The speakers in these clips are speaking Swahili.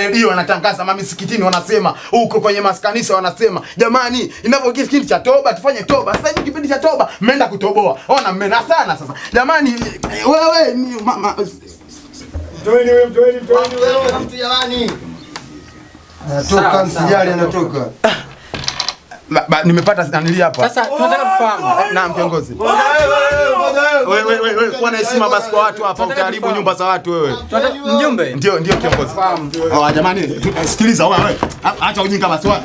redio wanatangaza mamisikitini, wanasema huko kwenye maskanisa, wanasema jamani, inapofikia kipindi cha toba tufanye toba. Sasa hivi kipindi cha toba mmeenda kutoboa, ona mmena sana sasa. Jamani wewe ni mama, mtoeni wewe, mtoeni, mtoeni wewe, mtu jamani, anatoka msijali, anatoka ah nimepata nanili hapa. Sasa tunataka kufahamu. Oh, na kiongozi. Oh, wewe wewe kuwa na heshima basi kwa watu hapa, utaharibu nyumba za watu wewe. Mjumbe? Ndio, ndio kiongozi. Oh, jamani, sikiliza wewe. Acha ujinga basi wewe.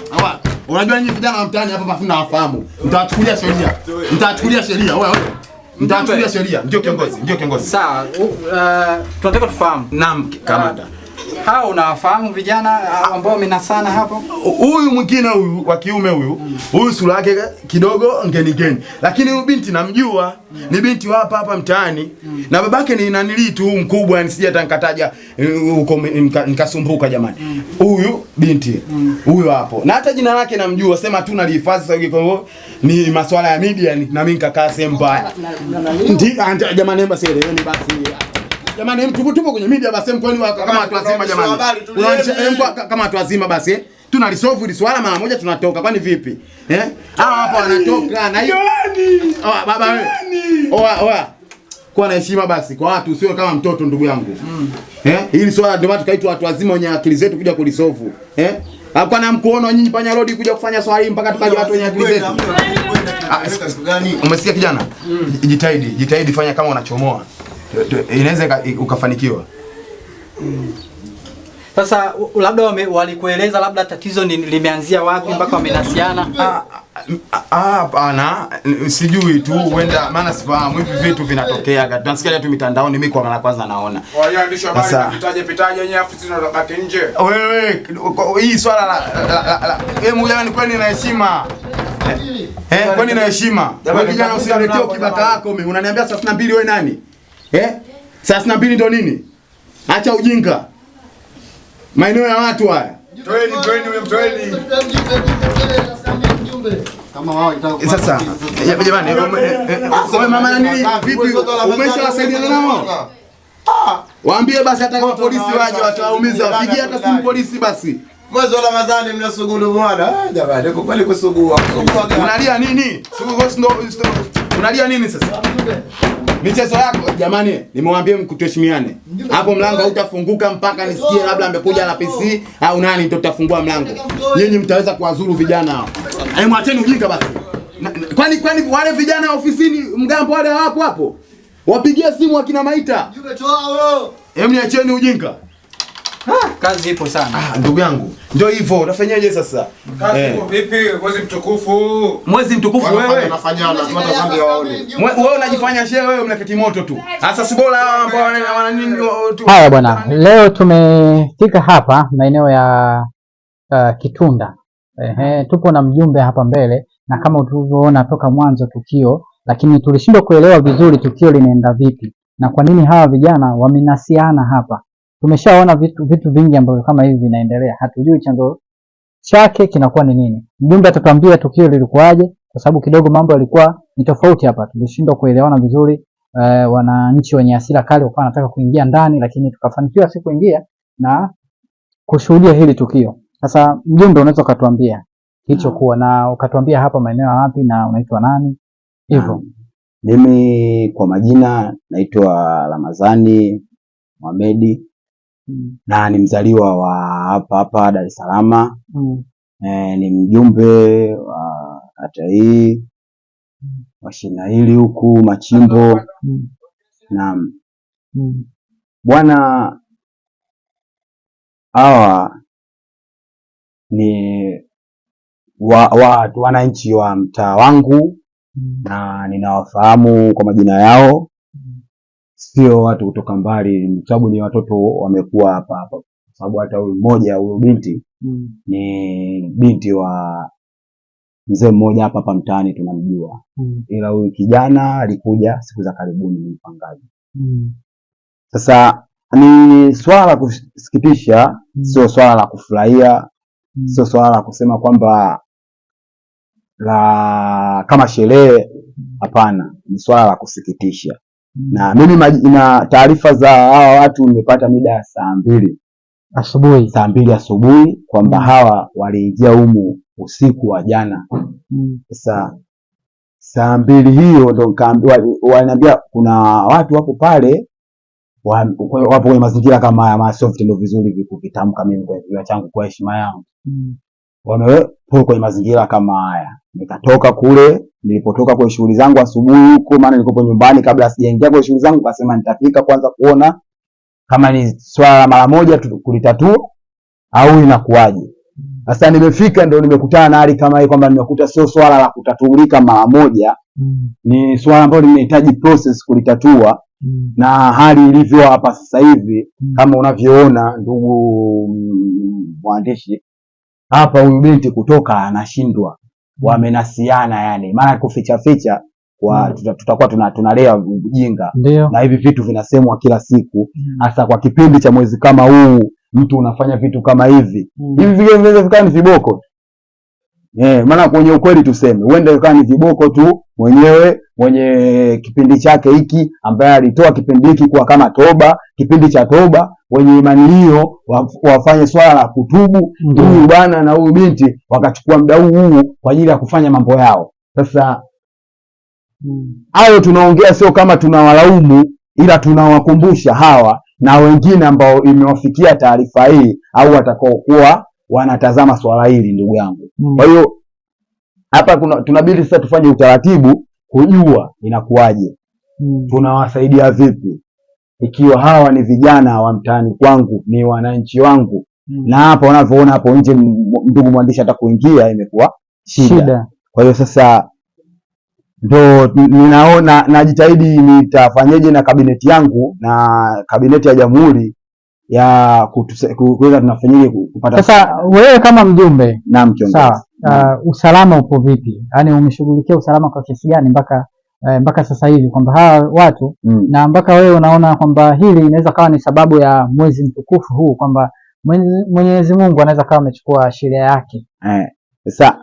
Unajua nyinyi vijana wa mtaani hapa mafuna hawafahamu. Mtawachukulia sheria. Mtawachukulia sheria wewe. Mtawachukulia sheria. Ndio kiongozi, ndio kiongozi. Sawa, eh, tunataka tufahamu. Naam, kamanda. Eh, hao unawafahamu vijana ah, ambao mimi sana hapo? Huyu mwingine huyu wa kiume huyu huyu sura yake kidogo ngeni ngeni, lakini huyu binti namjua ni binti wa hapa hapa mtaani na babake ni nanili tu mkubwa, yani sija hata nikataja eh, huko nikasumbuka jamani. Huyu binti huyu hapo, na hata jina lake namjua, sema tu nalihifadhi sasa hivi, kwa hiyo ni masuala ya media, na mimi nikakaa sehemu mbaya, ndio jamani, emba sieleweni basi Jamani, mtupo tupo kwenye media basi mtoni wako kama watu wazima jamani. Unaanza kama watu wazima basi eh? tuna resolve hili swala mara moja tunatoka. Kwani vipi? Eh? Hawa hapa wanatoka na hiyo. Oh baba wewe. Oa oa. Kuwa na heshima basi kwa watu usiwe kama mtoto ndugu yangu. Mm. Eh? Hili swala ndio maana tukaitwa watu wazima wenye akili zetu kuja kulisolve. Eh? Hapo na mkuono nyinyi panya road kuja kufanya swali mpaka tukaje watu wenye akili zetu. Ah, umesikia kijana? Hmm. Jitahidi, jitahidi fanya kama unachomoa inaweza ukafanikiwa. Hmm. Sasa labda walikueleza labda tatizo ni limeanzia wapi mpaka wamenasiana? Ah, ah, ah, Hapana, sijui tu, huenda maana sifahamu hivi vitu vinatokea, tunasikia tu mitandaoni. Mimi kwa mara kwanza naona Sasa pitaje yenyewe afisi na nje. wewe hii swala la jamani, kwani na heshima eh, kwani na heshima, kijana usiletee kibaka yako, unaniambia saa wewe nani? Eh? Thelathini na mbili ndo nini? Acha ujinga. Maeneo ya watu haya. Toeni, toeni, toeni. Kama wao itakupata. Eh, sasa, eh, eh, jamani, wewe mama nani vipi? Umeshawasaidiana nao? Ah, waambie basi hata kama polisi waje watawaumiza, wapigie hata simu polisi basi. Mwezi wa Ramadhani mnasugulu bwana. Ah, jamani, kwa kweli kusugua. Kusugua Unalia nini? Sugu ndo Unalia nini sasa? Michezo yako jamani, nimewaambia mkuheshimiane. Hapo mlango hautafunguka mpaka nisikie labda amekuja la PC au nani ndio tutafungua mlango. Nyinyi mtaweza kuwazuru vijana hao. Eh, mwacheni ujinga basi. Kwani kwani wale vijana ofisini mgambo wale hawapo hapo? Wapigie simu akina Maita. Hebu niacheni ujinga. Ah, kazi ipo sana. Ah, ndugu yangu. Ndio hivyo. Unafanyaje sasa? Kazi eh. ipo vipi? Mwezi mtukufu. Mwezi mtukufu wewe. Unafanyana, waone. Wewe unajifanya shehe wewe mleketi moto tu. Sasa si bora hao ambao wana nini tu. Haya bwana. Leo tumefika hapa maeneo ya uh, Kitunda. Ehe, tupo na mjumbe hapa mbele na kama tulivyoona toka mwanzo tukio, lakini tulishindwa kuelewa vizuri tukio linaenda vipi na kwa nini hawa vijana wamenasiana hapa. Tumeshaona vitu, vitu vingi ambavyo kama hivi vinaendelea, hatujui chanzo chake kinakuwa ni nini. Mjumbe atatuambia tukio lilikuwaje, kwa sababu kidogo mambo yalikuwa ni tofauti hapa, tulishindwa kuelewana vizuri. E, wananchi wenye hasira kali walikuwa wanataka kuingia ndani, lakini tukafanikiwa si kuingia na kushuhudia hili tukio. Sasa mjumbe, unaweza ukatuambia hicho kuwa na ukatuambia hapa maeneo wapi na unaitwa nani hivyo? Mimi kwa majina naitwa Ramadhani Mohamed na ni mzaliwa wa hapa hapa Dar es Salaam mm. E, ni mjumbe wa kata hii mm. wa shina hili huku Machimbo mm. mm. bwana hawa ni watu wa, wananchi wa mtaa wangu mm. na ninawafahamu kwa majina yao sio watu kutoka mbali, sababu ni watoto wamekuwa hapa hapa, sababu hata huyu mmoja huyu binti mm. ni binti wa mzee mmoja hapa hapa mtaani tunamjua mm. ila huyu kijana alikuja siku za karibuni, ni mpangaji mm. Sasa ni swala la kusikitisha mm. sio swala la kufurahia mm. sio swala la kusema kwamba la kama sherehe, mm. hapana, ni swala la kusikitisha Mm. na mimi na taarifa za hawa watu nimepata mida ya saa mbili asubuhi, saa mbili asubuhi kwamba mm. hawa waliingia humu usiku wa jana. Mm. Sasa saa mbili hiyo ndo waniambia kuna watu wapo pale wapo kwenye mazingira kama haya, maana sio vitendo vizuri vikuvitamka mimi kwa changu, kwa heshima yangu. Wamewepo kwenye mazingira kama haya. Nikatoka kule nilipotoka kwenye shughuli zangu asubuhi huko, maana nilikuwa nyumbani kabla sijaingia kwenye shughuli zangu, kasema nitafika kwanza kuona kama ni swala mara moja kulitatua au inakuwaje. Sasa nimefika ndio nimekutana na hali kama hii, kwamba nimekuta sio swala la kutatulika mara moja Ni swala ambalo linahitaji process kulitatua Na hali ilivyo hapa sasa hivi Kama unavyoona ndugu mwandishi hapa huyu binti kutoka anashindwa, wamenasiana yani, maana kuficha ficha kwa mm. tutakuwa tuna, tunalea ujinga na hivi vitu vinasemwa kila siku hmm. hasa mm. kwa kipindi cha mwezi kama huu, mtu unafanya vitu kama hivi mm. hivi vinaweza vikawa ni viboko Eh, maana kwenye ukweli tuseme, uende ikawa ni viboko tu mwenyewe mwenye kipindi chake hiki, ambaye alitoa kipindi hiki kwa kama toba, kipindi cha toba, wenye imani hiyo wafanye swala la kutubu, huyu mm. bwana na huyu binti wakachukua muda huu huu kwa ajili ya kufanya mambo yao. Sasa hayo mm. tunaongea sio kama tunawalaumu, ila tunawakumbusha hawa na wengine ambao imewafikia taarifa hii au watakaokuwa wanatazama swala hili ndugu yangu. Hmm. Kwa hiyo mm. hapa kuna tunabidi sasa tufanye utaratibu kujua inakuwaje, mm. tunawasaidia vipi ikiwa hawa ni vijana wa mtaani kwangu, ni wananchi wangu mm. na hapa wanavyoona hapo nje, ndugu mwandishi, hata kuingia imekuwa shida, shida. Kwa hiyo sasa ndo ninaona najitahidi nitafanyeje na kabineti yangu na kabineti ya Jamhuri ya kuweza tunafanyaje kupata. Sasa wewe kama mjumbe, na kiongozi, sawa uh, usalama upo vipi? Yaani umeshughulikia usalama kwa kiasi gani mpaka uh, mpaka sasa hivi kwamba hawa watu mm, na mpaka wewe unaona kwamba hili inaweza kawa ni sababu ya mwezi mtukufu huu kwamba Mwenyezi Mungu anaweza kawa amechukua sheria yake eh. Sasa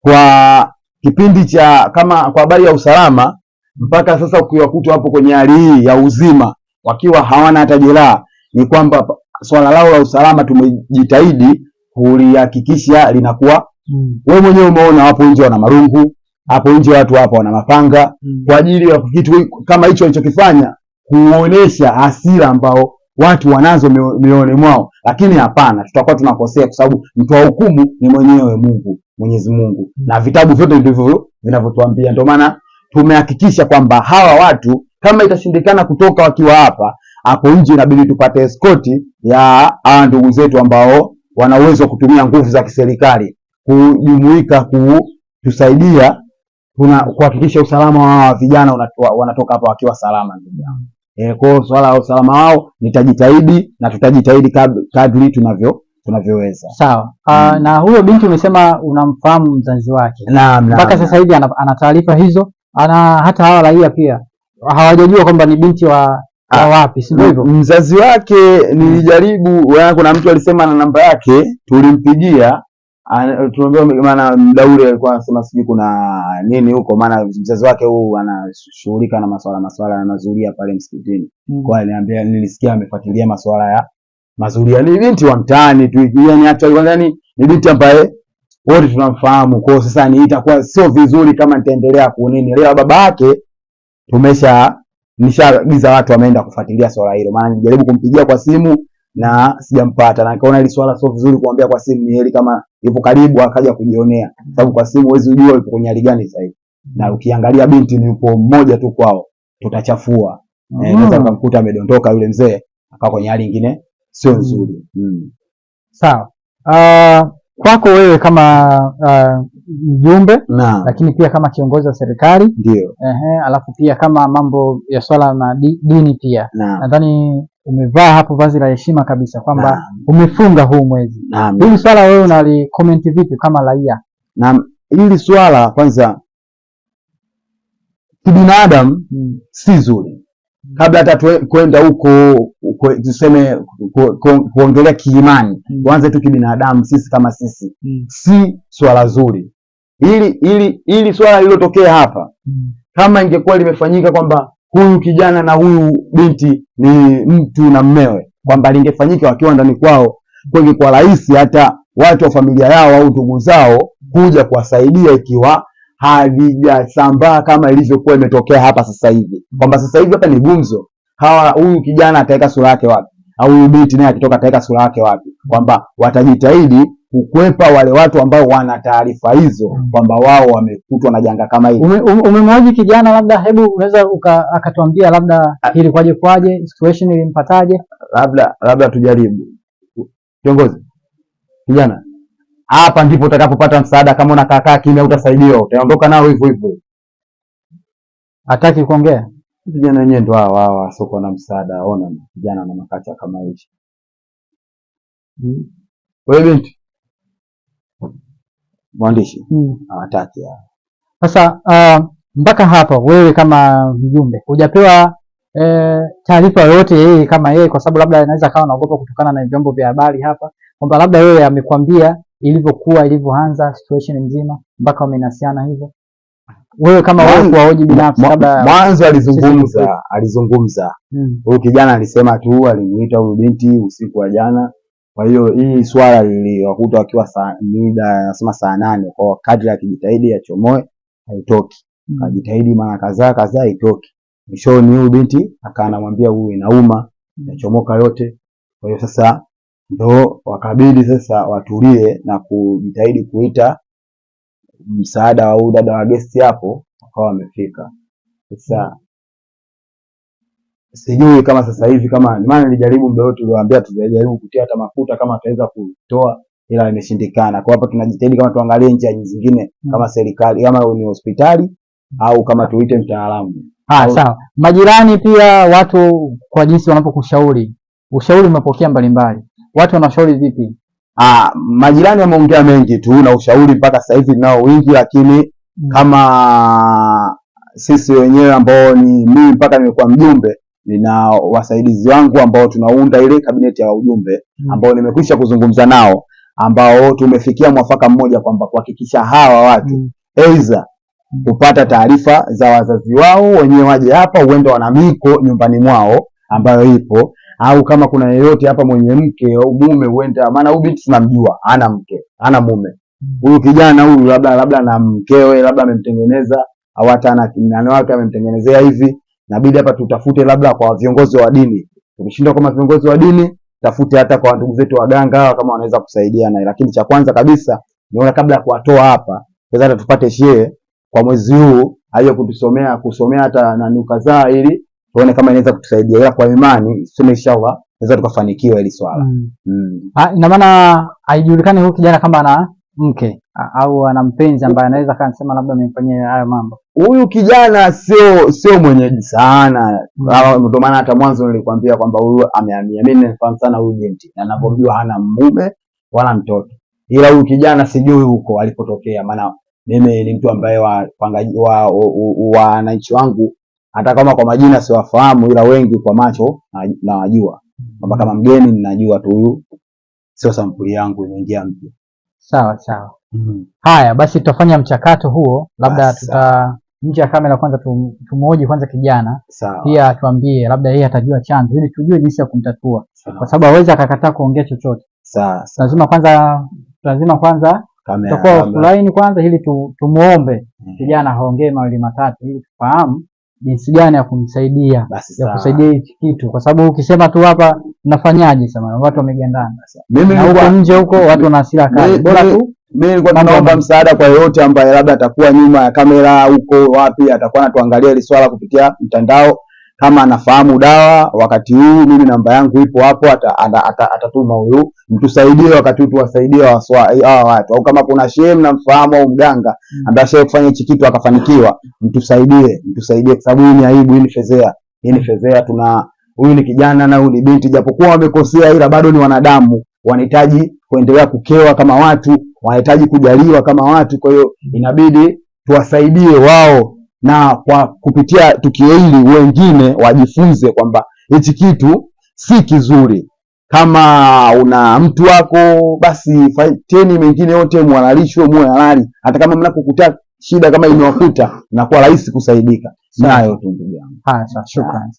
kwa kipindi cha kama kwa habari ya usalama mpaka sasa ukiwakuta hapo kwenye hali hii ya uzima wakiwa hawana hata jeraha ni kwamba swala lao la usalama tumejitahidi kulihakikisha linakuwa mm. Wewe mwenyewe umeona hapo nje wana marungu hapo nje watu hapo wana mapanga mm. kwa ajili ya kitu kama hicho walichokifanya kuonesha hasira ambao watu wanazo mioyoni mwao, lakini hapana, tutakuwa tunakosea kwa sababu mtoa hukumu ni mwenyewe Mungu, Mwenyezi Mungu mm. na vitabu vyote ndivyo vinavyotuambia. Ndio maana tumehakikisha kwamba hawa watu kama itashindikana kutoka wakiwa hapa hapo nje inabidi tupate eskoti ya hawa ndugu zetu ambao wana uwezo kutumia nguvu za kiserikali kujumuika kutusaidia kuhakikisha usalama wa vijana wanatoka hapa wakiwa salama. E, kwa swala la usalama wao nitajitahidi na tutajitahidi kadri tunavyo tunavyoweza. Sawa. Uh, Na huyo binti umesema unamfahamu mzazi wake mpaka sasa hivi ana, ana taarifa hizo ana hata hawa raia pia hawajajua kwamba ni binti wa Ah, wapi si ndivyo? Mzazi wake nilijaribu, wana, kuna mtu alisema na namba yake, tulimpigia tunaambiwa, maana ule alikuwa anasema sijui kuna nini huko, maana mzazi wake huu anashughulika na masuala masuala na mazuria pale msikitini mm. Kwa aliniambia, nilisikia amefuatilia masuala ya mazuria. Ni binti wa mtaani tu, yani hata yani ni binti ambaye wote tunamfahamu. Kwa hiyo sasa ni itakuwa sio vizuri kama nitaendelea kunini. Leo baba yake tumesha nishaagiza watu wameenda kufuatilia swala hilo, maana nijaribu kumpigia kwa simu na sijampata, na nikaona ile swala sio vizuri kuambia kwa simu, ni heri kama yupo karibu akaja kujionea, sababu kwa simu huwezi ujua yupo kwenye hali gani sasa hivi, na ukiangalia binti ni yupo mmoja tu kwao, tutachafua eh, mm. Eh, naweza kumkuta amedondoka yule mzee akawa kwenye hali nyingine sio nzuri mm. mm. Sawa. Uh, kwako wewe kama uh, mjumbe lakini pia kama kiongozi wa serikali ndio. Ehe, alafu pia kama mambo ya swala na di, dini pia nadhani umevaa hapo vazi la heshima kabisa kwamba umefunga huu mwezi. Hili swala wewe comment vipi kama raia? na hili swala kwanza kibinadamu hmm, si zuri kabla hata kwenda huko tuseme kuongelea kiimani, kwanza hmm. tu kibinadamu. Sisi kama sisi, hmm. si swala zuri ili ili ili swala lililotokea hapa mm. kama ingekuwa limefanyika kwamba huyu kijana na huyu binti ni mtu na mmewe, kwamba lingefanyika wakiwa ndani kwao, kungekuwa rahisi hata watu wa familia yao au ndugu zao kuja kuwasaidia ikiwa havijasambaa kama ilivyokuwa imetokea hapa sasa hivi, kwamba sasa hivi hapa ni gumzo, hawa huyu kijana ataweka sura yake wapi? au huyu binti naye akitoka ataweka sura yake wapi, kwamba watajitahidi kukwepa wale watu ambao wana taarifa hizo kwamba wao wamekutwa na janga kama hili. Umemwaji kijana labda, hebu unaweza akatuambia labda ah. ilikwaje kwaje, situation ilimpataje? Labda labda tujaribu, kiongozi kijana, hapa ndipo utakapopata msaada. Kama unakaa kimya, utasaidiwa, utaondoka nao hivyo hivyo. Hataki kuongea Vijana wenyewe ndio hawa hawa wasiokuwa na msaada, ona vijana na makacha kama hivi. Mm. Wewe binti mwandishi mm. hawataki hao. Sasa uh, mpaka hapo wewe kama mjumbe hujapewa e, taarifa yoyote yeye kama yeye, kwa sababu labda anaweza akawa naogopa kutokana na vyombo vya habari hapa kwamba labda wewe amekwambia ilivyokuwa ilivyoanza situation nzima mpaka wamenasiana hivyo wewe kama wangu waoji binafsi kabla mwanzo alizungumza alizungumza hmm. huyu kijana alisema tu alimuita huyu binti usiku wa jana kwa hiyo hii swala liliwakuta wakiwa saa mida anasema saa nane kwa kadri akijitahidi achomoe haitoki hmm. akajitahidi mara kadhaa kadhaa haitoki mwishoni huyu binti akaanamwambia huyu inauma inachomoka hmm. yote kwa hiyo sasa ndo wakabidi sasa watulie na kujitahidi kuita msaada wa huyu dada wa gesti hapo, wakawa wamefika. Sasa hmm. sijui kama sasa hivi kama maana nilijaribu mbele yote, tuliwaambia tujaribu kutia hata mafuta kama ataweza kutoa, ila imeshindikana. Kwa hapa tunajitahidi kama tuangalie njia nyingine, hmm. kama serikali kama ni hospitali au kama tuite mtaalamu. Ah, sawa. Majirani pia watu kwa jinsi wanapokushauri, ushauri umepokea mbalimbali, watu wanashauri vipi? Ah, majirani ameongea mengi tu na ushauri mpaka sasa hivi nao wingi, lakini mm. kama sisi wenyewe ambao ni mimi mpaka nimekuwa mjumbe, nina wasaidizi wangu ambao tunaunda ile kabineti ya ujumbe mm. ambao nimekwisha kuzungumza nao, ambao tumefikia mwafaka mmoja kwamba kuhakikisha hawa watu mm. mm. kupata taarifa za wazazi wao wenyewe waje hapa, huenda wana miko nyumbani mwao ambayo ipo au kama kuna yeyote hapa mwenye mke au mume, huenda maana huyu binti tunamjua ana mke ana mume, huyu kijana huyu labda labda na mkewe, labda amemtengeneza au hata ana kinani wake amemtengenezea hivi, nabidi hapa tutafute labda kwa viongozi wa dini. Tumeshindwa kama viongozi wa dini, tafute hata kwa ndugu zetu waganga hawa kama wanaweza kusaidia kusaidiana, lakini cha kwanza kabisa niona kabla ya kuwatoa hapa kwanza tupate shehe kwa mwezi huu aje kutusomea kusomea hata nani kadhaa ili tuone kama inaweza kutusaidia, ila kwa imani tuseme inshallah naweza tukafanikiwa hili swala mm. mm. Ah, ina maana haijulikani huyu kijana kama ana mke au ana mpenzi ambaye anaweza kansema labda amemfanyia hayo mambo. Huyu kijana sio sio mwenyeji sana, mm. ndio maana hata mwanzo nilikwambia kwamba huyu amehamia. Mimi nimfahamu sana huyu binti na ninapomjua hana mume wala mtoto, ila huyu kijana sijui huko alipotokea, maana mimi ni mtu ambaye wa wananchi wa, wa, wa, wananchi wangu hata kama kwa majina siwafahamu, ila wengi kwa macho nawajua kwamba kama mgeni ninajua tu huyu sio sampuli yangu, imeingia mpya. Sawa sawa. Mm-hmm. Haya basi, tutafanya mchakato huo, labda tuta nje ya kamera kwanza tumuoji kwanza kijana sawa. Pia atuambie labda yeye atajua chanzo, ili tujue jinsi ya kumtatua, kwa sababu hawezi akakataa kuongea chochote. Lazima kwanza lazima kwanza tutakuwa offline kwanza, ili tumuombe mm. kijana aongee mawili matatu, ili tufahamu jinsi gani ya kumsaidia ya kusaidia hichi kitu, kwa sababu ukisema tu hapa nafanyaje, sema watu wamegandana. Mimi huko nje huko watu wana hasira kali, bora tu mimi nilikuwa tunaomba msaada kwa yoyote ambaye labda atakuwa nyuma ya kamera huko wapi, atakuwa anatuangalia hili swala kupitia mtandao kama anafahamu dawa wakati huu, mimi namba yangu ipo hapo, atatuma ata, ata huyu mtusaidie, wakati huu tuwasaidie eh, hawa watu, au kama kuna shehe mnamfahamu au mganga mm. ambaye kufanya hichi kitu akafanikiwa, mtusaidie, mtusaidie, kwa sababu hii ni aibu, hii ni fedhea, hii ni mm. fedhea. Tuna huyu ni kijana na huyu ni binti, japokuwa wamekosea, ila bado ni wanadamu, wanahitaji kuendelea kukewa kama watu, wanahitaji kujaliwa kama watu. Kwa hiyo mm. inabidi tuwasaidie wao na kwa kupitia tukio hili wengine wajifunze kwamba hichi kitu si kizuri. Kama una mtu wako, basi fanyeni mengine yote, mwalalishwe muwe halali. Hata kama mnakokuta shida kama imewakuta, inakuwa rahisi kusaidika nayo tu, ndugu yangu. Haya, shukrani.